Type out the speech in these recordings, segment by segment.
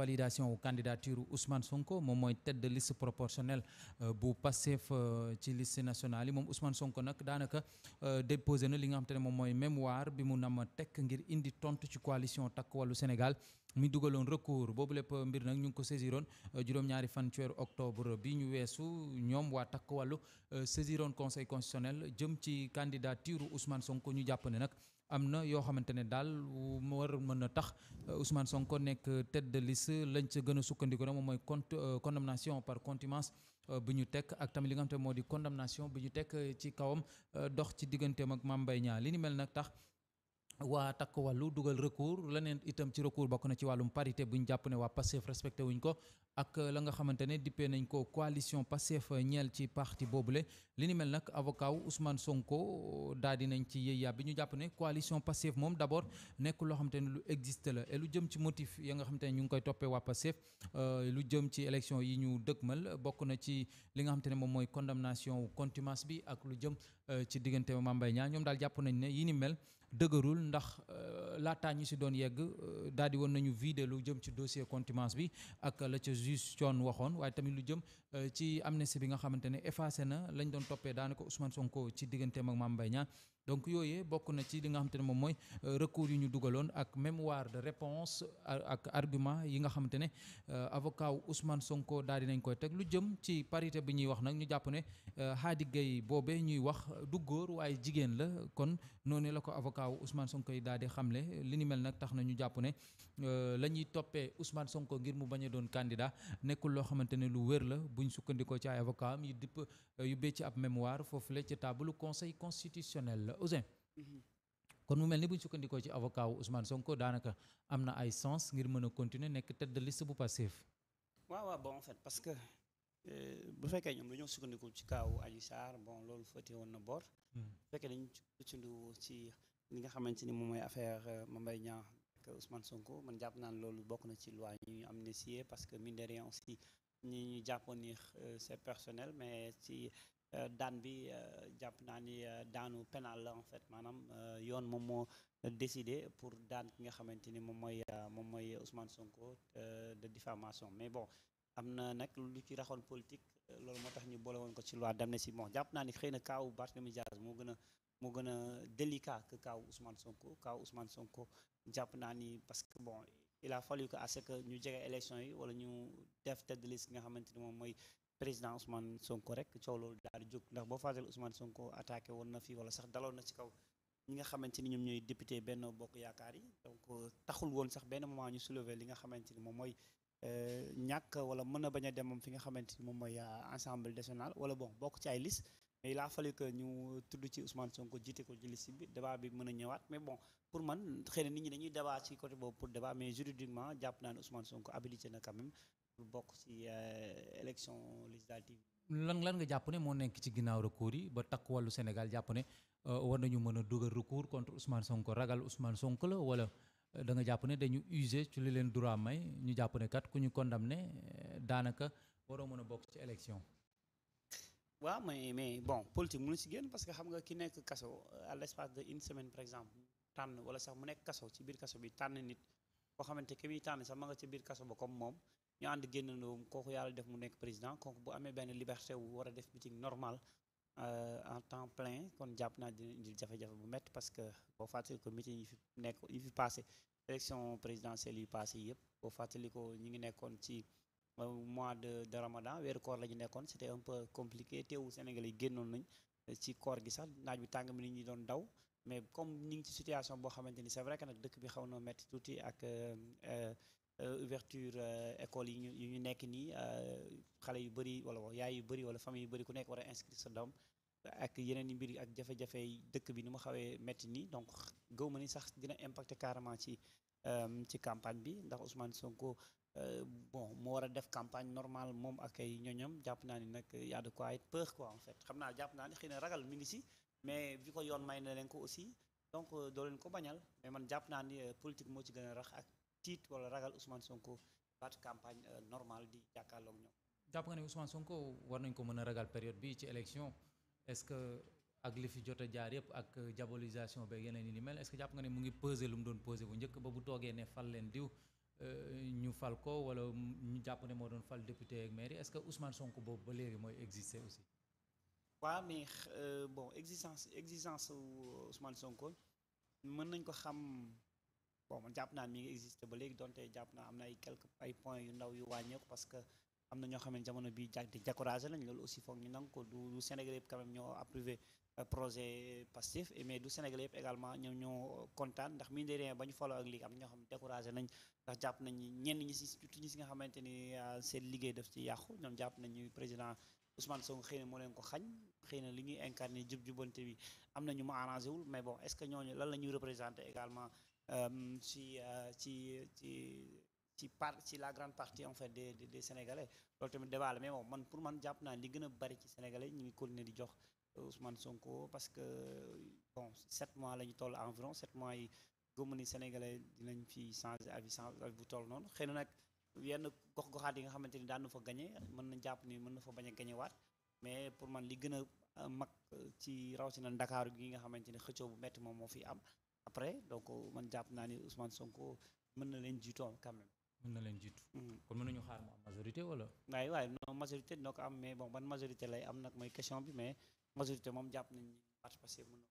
validation wu candidature usman Sonko moom mooy tête de liste proportionnelle euh, bu Pastef euh, ci liste national yi moom Ousmane Sonko nag daanaka euh, déposé na li nga xam te ne moom mooy mémoire bi mu nam tekk ngir indi tontu ci coalition takk Wallu Sénégal mi dugaloon recours boobu lépp mbir nag ñu ngi ko saisiroon juróom-ñaari fan ci octobre bi ñu weesu ñoom waa takk Wallu saisiroon conseil constitutionnel jëm ci candidature Ousmane Sonko ñu jàpp ne am na yoo xamante ne daal mu war mën a tax euh, Ousmane Sonko nekk tête de lañ ca gën a sukkandiku rek moom mooy euh, condamnation par contumace euh, bi ñu tekk ak tamit li nga xam moo di condamnation bi ñu teg ci kawam dox ci digganteem ak Mame Mbaye Niang li ni mel nag tax waa takk wàllu dugal recours leneen itam ci recours bokk na ci wàllum parité bu ñu jàpp ne waa Pastef respecté wuñ ko ak la nga xamante ne dippee nañ ko coalition Pastef ñeel ci parti boobu le li ni mel nag avocat wu Ousmane Sonko daal di nañ ci yéeyaa bi ñu jàpp ne coalition Pastef moom d' abord nekk loo xamante ne lu existe la et lu jëm ci motif ya nga xamante ne ñu ngi koy toppee waa Pastef euh, lu jëm ci élection yi ñu dëgmal bokk na ci li nga xamante ne moom mooy condamnation contumace bi ak lu jëm euh, ci diggante Mame Mbaye Niang ñoom daal jàpp nañ ne yi mel dëgërul ndax euh, laataa ñu si doon yegg euh, daal di woon nañu vidé lu jëm ci dossier contumace bi ak la ca juge coon waxoon waaye tamit lu jëm euh, ci am amnistie bi nga xamante ne effacé na lañ doon toppee daane ko Ousmane Sonko ci digganteem ak Mame Mbaye Niang donc yooyee bokk na ci li nga xamante ne moom mooy euh, recours yu ñu dugaloon ak mémoire de réponse ak argument yi nga xamante ne euh, avocat wu Ousmane Sonko daal nañ koy teg lu jëm ci parité bi ñuy wax nag ñu jàpp ne euh, Hady Gueye boobe ñuy wax du góor waaye jigéen la kon noonu la ko avocat wu Sonko yi daal di xamle li ni mel nag tax na ñu jàpp ne la ñuy toppee Ousmane Sonko ngir mu bañ a doon candidat nekkul loo xamante ne lu wër la buñ sukkandikoo ci ay avocat am yu dipp yu béy ci ab foofu la ci taabalu conseil constitutionnel la Ouzin kon mu mel ni bu sukkandikoo ci avocat wu Sonko daanaka am na ay sens ngir mën a continuer nekk tête de bu passif. waaw waaw bon en fait parce que euh, bu fekkee ñoom dañoo sukkandiku ci kaaw Adji Sarr bon loolu fëte woon na boor. Hmm. bu fekkee dañu sukkandiku ci li nga xamante ni moom mooy affaire euh, Mame Mbaye Niang ak Ousmane Sonko man jàpp naa loolu bokk na ci loi ñu amnistier parce que mine de rien aussi ñi ñu jàppoon ni euh, c'est personnel mais ci. Euh, daan bi euh, jàpp naa ni euh, daanu pénal la en fait maanaam yoon moom moo décidé pour daan ki nga xamante ni moom mooy moom mooy Ousmane Sonko de diffamation mais bon am na nag lu ci raxoon politique loolu moo tax ñu boole woon ko ci dem loi si bon jàpp naa ni xëy na kaawu Barthélémy Dias moo gën a moo gën a délicat que kaawu Ousmane Sonko kaawu Ousmane Sonko jàpp naa ni parce que bon il a fallu que à que ñu jege élection yi wala ñu def tête de liste nga xamante ni moom mooy président Ousmane Sonko rek coow loolu daal di jóg ndax boo fàttali Ousmane Sonko attaqué woon na fi wala sax daloon na ci kaw ñi nga xamante ni ñoom ñooy député benn Bokk Yaakaar yi donc euh, taxul woon sax benn moment ñu soulever li nga xamante ni moom mooy euh, ñàkk wala mën na bañ a demam fi nga xamante ni moom mooy euh, Assemblée nationale wala bon bokk ci ay liste mais fale a ñu tudd ci Ousmane Sonko jiite ko ci liste bi débat bi mën a ñëwaat mais bon pour man xëy na nit ñi dañuy débat ci côté boobu pour débat mais juridiquement jàpp naa ne Ousmane Sonko habilité na quand même bokk ci élection Digital TV. lan lan nga jàpp ne moo nekk ci ginnaaw recours yi ba takk wàllu Sénégal jàpp ne euh, war nañu mën a dugal recours contre Ousmane Sonko ragal Ousmane Sonko la wala euh, da nga jàpp ne dañu user ci li leen droit may ñu jàpp ne ku ñu condamné euh, daanaka waroo mën a bokk ci élection. waaw mais mais bon politique mënu si génn parce que xam nga ki nekk kaso à l'espace de une semaine par exemple tànn wala sax mu nekk kaso ci biir kaso bi tànn nit koo xamante ki muy tànn sax ma nga ci biir ñu ànd génnandoo kooku yàlla def mu nekk président kooku bu amee benn liberté wu war a def meeting normal euh, en temps plein kon jàpp naa dina indil jafe-jafe bu métti parce que boo fàttali ko meeting yi fi nekk yi fi passé élection présidentielle yi passé yi yëpp boo fàttali ko ñu ngi nekkoon ci euh, mois de de ramadan weeru koor la ñu nekkoon c' était un peu compliqué teewul génnoon nañ euh, ci koor gi sax naaj bi tàng mi nit ñi doon daw mais comme ñu ngi ci situation boo xamante ni c' est vrai nag dëkk bi xaw na métti tuuti ak Euh, ouverture euh, école yi ñu ñu nekk nii euh, xale yu bëri wala yaay yu bëri wala famille yu bëri ku nekk war a inscrire sa doom ak yeneen i mbir ak jafe-jafe dëkk bi ni ma xawee métti nii donc gëw ma ni sax dina impacter carrément ci ci campagne bi ndax Ousmane Sonko bon mu war a def campagne normale moom ak ay ñoñam jàpp naa ni nag y a de quoi être peur quoi en fait xam naa jàpp naa ni xëy na ragal mi ngi si mais bi ko yoon may na leen ko aussi donc doo leen ko bañal mais man jàpp naa ni politique moo ci gën a rax ak. tiit wala ragal Ousmane Sonko baat campagne euh, normale di jàkkaarloog ñoom. jàpp nga ne Ousmane Sonko war nañ ko mën a ragal période bi ci élection est-ce que ak li fi jot a jaar yëpp ak euh, diabolisation beeg yeneen yi ni mel est-ce que jàpp nga ne mu ngi peser lu mu doon peser bu njëkk ba bu toogee ne fal leen diw euh, ñu fal ko wala ñu jàpp ne moo doon fal député ak maire est-ce que Ousmane Sonko boobu ba léegi mooy exister aussi. waaw mais bon existence existence Ousmane Sonko mën nañ bon man jàpp naa mi ngi existé ba léegi donte jàpp naa am na ay quelques ay points yu ndaw yu wàññeeku parce que am na ñoo xam jamono bi di découragé loolu aussi foog ñu nangu ko du Sénégal yëpp quand ñoo approuvé euh, ndax mine ba ñu foloo ak lii am ñoo xam ne nañ ndax jàpp nañ ñenn ñi si nga xamante ni euh, seen liggéey daf ci yàqu ñoom jàpp nañu président Ousmane Sonko xëy na moo leen ko xañ xëy na li ñuy incarné jub jubante bi am na ñu Euh, ci euh, ci ci ci par ci la grande partie en fait des des sénégalais loolu tamit débat la mais moom man pour man jàpp naa li gën a bari ci sénégalais ñu ngi continuer di jox euh, Ousmane Sonko parce que bon sept mois la ñu toll environ sept mois yi gëmm ni sénégalais dinañ fi changé avis changer avis bu toll noonu xëy na nag yenn gox-goxaat yi nga xamante ni daan na fa gagné mën na jàpp ni mën na fa bañ a gagné waat mais pour man li gën a mag ci rawatina Ndakaaru gi nga xamante ni xëccoo bu metti moom moo fi am. après donc euh, man jàpp naa ni Ousmane Sonko mën na leen jiitu quand mën na leen jiitu. Hmm. kon mën nañu xaar mu am majorité wala. waaye waaye non majorité dina ko am mais bon ban majorité lay am nag mooy question bi mais majorité moom jàpp nañ ni parti Pastef mën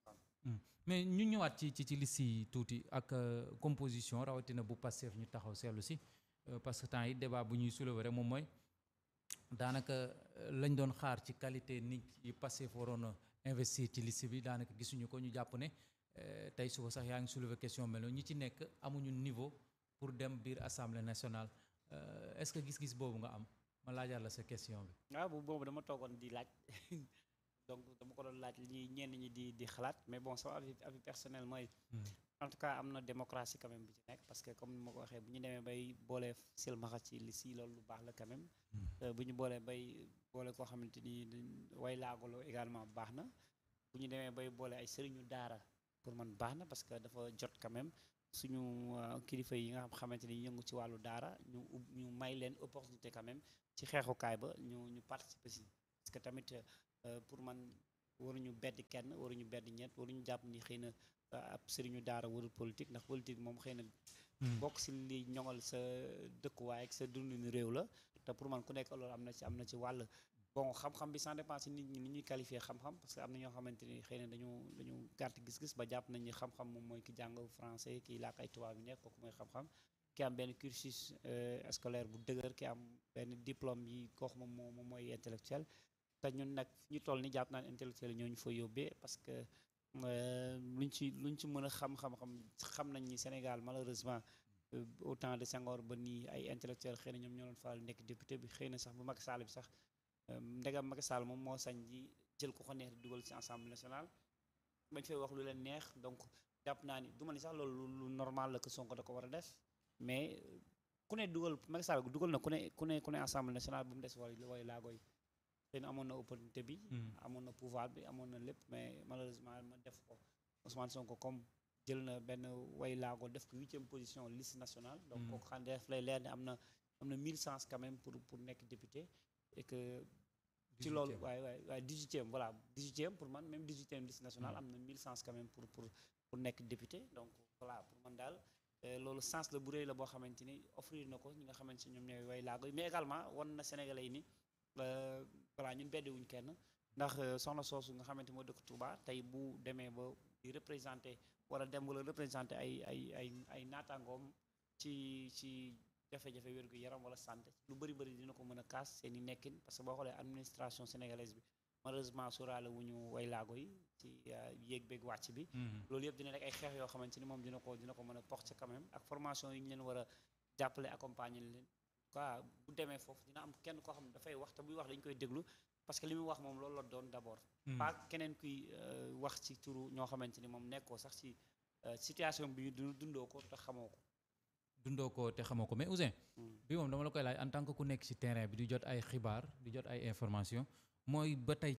hmm. mais ñu ñëwaat ci ci ci liste yi tuuti ak euh, composition rawatina bu Pastef ñu taxaw seetlu si euh, parce que temps yi débat bu ñuy soulever rek moom mooy daanaka lañ doon xaar ci qualité nit yi Pastef waroon a investir ci liste bi daanaka gisuñu ko ñu jàpp ne. Euh, tey suba sax yaa ngi soulever question mel noonu ñi ci nekk amuñu niveau pour dem biir assemblée nationale euh, est-ce que gis-gis boobu nga am ma laajaat la sa question bi. waaw ah, bu boobu dama toogoon di laaj donc dama ko doon laaj li ñuy ñenn ñi di di xalaat mais bon sama avis avis personnel mooy. Hmm. en tout cas am na démocratie quand même bu ci nekk parce que comme ni ma ko waxee bu ñu demee bay boolee silmaxa ci li si loolu lu baax la quand hmm. euh, bu ñu boolee bay boole koo xamante ni way laagaloo également baax na bu ñu demee bay boole ay daara. pour man baax na parce que dafa jot quand même suñu euh, kilifa yi nga xamante ni yëngu ci wàllu daara ñu ñu may leen opportunité quand même ci xeexukaay ba ñu ñu participer si parce que tamit euh, pour man waruñu bedd kenn waruñu bedd ñett waruñu jàpp ni xëy na euh, ab sëriñu daara warul politique ndax politique moom xëy na. Hmm. bokk si li ñoŋal sa dëkkuwaay ak sa dundu réew la te pour man ku nekk loolu am na ci wàll. bon xam-xam bi sans dépend si nit ñi ni ñuy qualifié xam-xam parce que am na ñoo xamante ni xëy na dañu dañu gàtt gis-gis ba jàpp nañ ñi xam-xam moom mooy ki jàng français kii làkk ay tubaab yu nekk kooku mooy xam-xam ki am benn cursus euh, scolaire bu dëgër ki am benn diplôme yi koox moom moo moom mooy intellectuel te ñun nag ñu toll ni jàpp naan intellectuel ñoo ñu fa yóbbee parce que euh, luñ ci luñ ci mën a xam-xam-xam nañ ñi Sénégal malheureusement euh, au temps de Senghor ba nii ay intellectuel xëy na ñoom ñoo doon faral nekk député bi xëy na sax bu Macky Sall bi sax ndegam Macky Sall moom moo sañ ji jël ku ko neex di dugal ci assemblée nationale bañ fay wax lu leen neex donc jàpp naa ni du ma ni sax loolu lu normal la que Sonko da ko war a def mais ku ne dugal na ku ne ku ne ku ne assemblée nationale bu mu des laago yi amoon na opportunité bi. Hmm. amoon na pouvoir bi amoon na lépp mais malheureusement ma def ko Ousmane Sonko comme. jël na benn way laago def ko huitième position liste nationale donc hmm. kooku xam ne ci loolu waaye waaye waaye dix-huitième voilà pour man même dix-huitième liste nationale am na mille sens quand même pour pour nekk député donc voilà pour man daal euh, loolu sens la bu rëy la boo xamante ni offrir na ko ñi nga xamante ni ñoom ñooy way laago mais également wan na Sénégalais yi ni euh, voilà ñun beddewuñ kenn ndax euh, soxna soosu nga xamante moo dëkk Touba tey bu demee ba di représenter wala dem wala représenter ay ay ay ay naataangoom ci ci jafe-jafe wér gu yaram wala santé lu bëri bëri dina ko mën a kaas seen i nekkin parce que boo xoolee administration sénégalaise bi malheureusement sóoraale wu ñu way laago yi ci euh, yéeg beeg wàcc bi. Mm-hmm. loolu yëpp dina rek ay xeex yoo xamante ni moom dina ko dina a a jàppale accompagner leen. quoi bu dafay wax te buy wax dañ koy déglu parce li muy wax moom loolu la doon d' abord. Mm. keneen kuy euh, wax ci turu ñoo xamante ni moom nekkoo sax ci euh, situation bi du dundoo ko te xamoo ko. dundoo ko te xamoo ko mais Ouzin mm. bi moom dama la koy laaj en tant que ku nekk ci terrain bi di jot ay xibaar di jot ay information mooy ba tey